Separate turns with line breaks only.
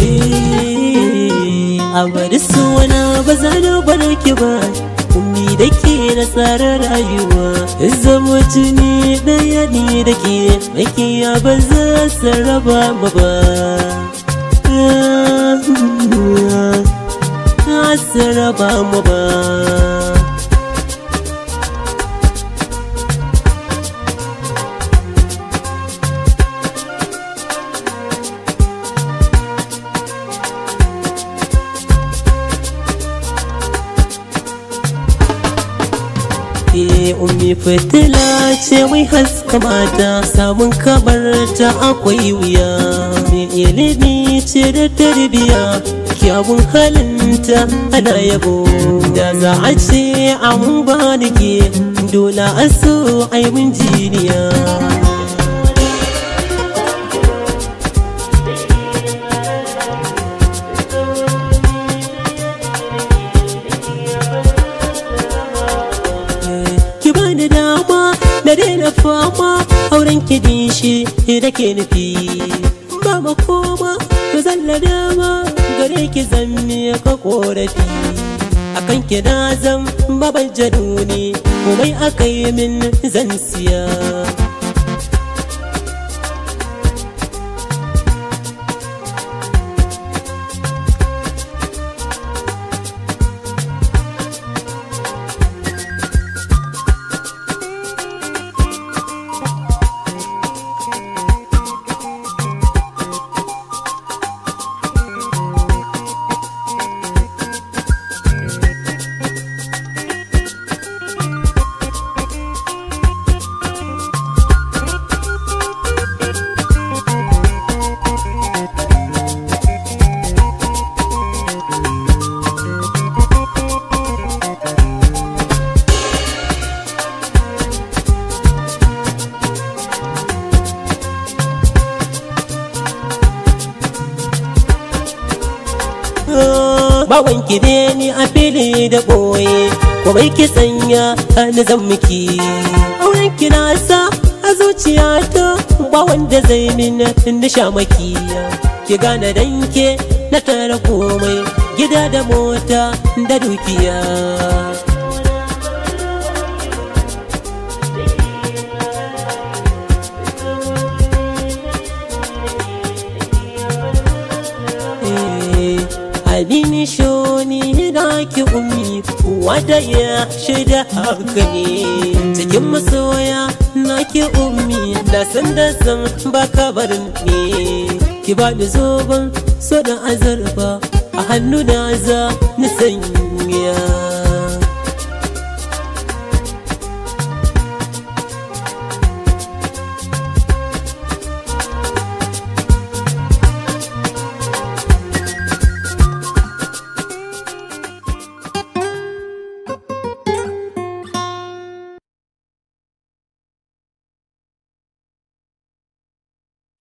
Eh, a bari suna ba za na bar ki ba kumi da ke na tsara rayuwa zama tuni daya ne da ke makiya ba za su raba ma ba ah, mm, ah, su raba ma ba ke ummi fitila ce mai haska mata samun ta akwai wuya mai ilimi ce da tarbiya kyawun halinta ana yabo da za a ce an ba dole a so ai mun jiniya kiɗin shi da ke nufi ba makoma ku zalla dama gare ki zamme ka korafi akan ki na zan baban jaduni komai aka yi min zan siya bawan ki ni a fili da boye bai ki sanya hannu zan miki auren ki na sa a zuciya ta ba wanda zai min inda sha maki ki gane danke na tara komai gida da mota da dukiya abin shoni na ki umi wada ya shaida haka ne cikin masoya na ki umi na san da ba baka ne ki ba da zoben so da azarfa a hannu na za